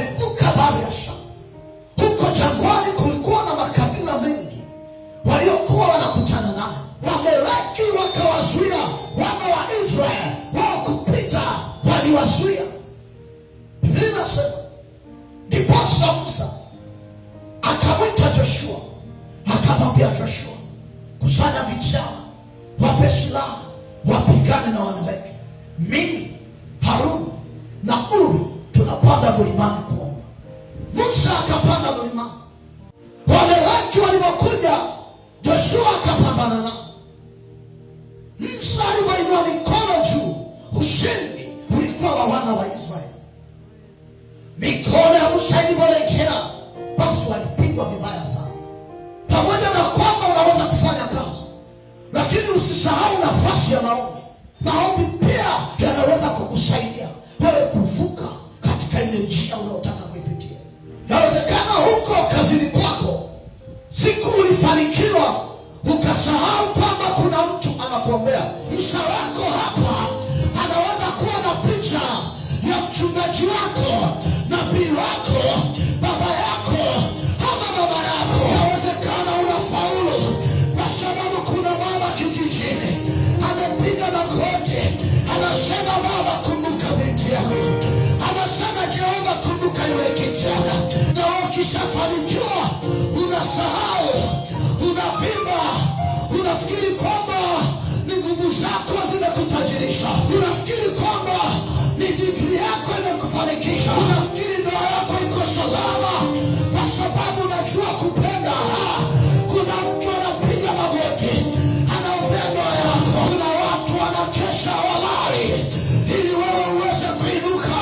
walivuka bahari ya Shamu. Huko jangwani kulikuwa na makabila mengi waliokuwa wanakutana nayo. Wamaleki wakawazuia wana wa Israeli wao kupita, waliwazuia. Biblia inasema ndiposa Musa akamwita Joshua akamwambia Joshua, kusanya vijana, wape silaha, wapigane na Wamaleki. Mimi Haruni na Uru tunapanda mlimani Wale watu walipokuja, Joshua akapambana nao. Musa alipoinua mikono juu, ushindi ulikuwa wa wana wa Israeli. Mikono ya Musa ilivyolegea, basi walipigwa vibaya sana. Pamoja na kwamba unaweza kufanya kazi, lakini usisahau nafasi ya maombi. Usisahau kwamba kuna mtu anakuombea. Msa wako hapa anaweza kuwa na picha ya mchungaji wako, nabii wako unafikiri kwamba ni nguvu zako zimekutajirisha, unafikiri kwamba ni digri yako imekufanikisha, unafikiri ndoa yako iko salama kwa sababu unajua kupenda. Kuna mtu anapiga magoti anaombea ndoa yako, kuna watu wanakesha walari ili wewe uweze kuinuka,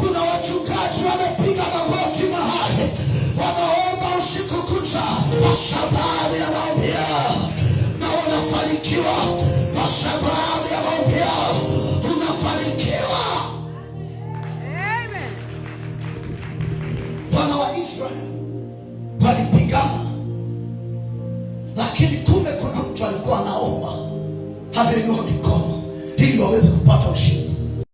kuna wachungaji wamepiga magoti mahali wanaomba usiku kucha kwa sababu lakini kumbe kuna mtu alikuwa anaomba ameinua mikono ili waweze kupata ushindi.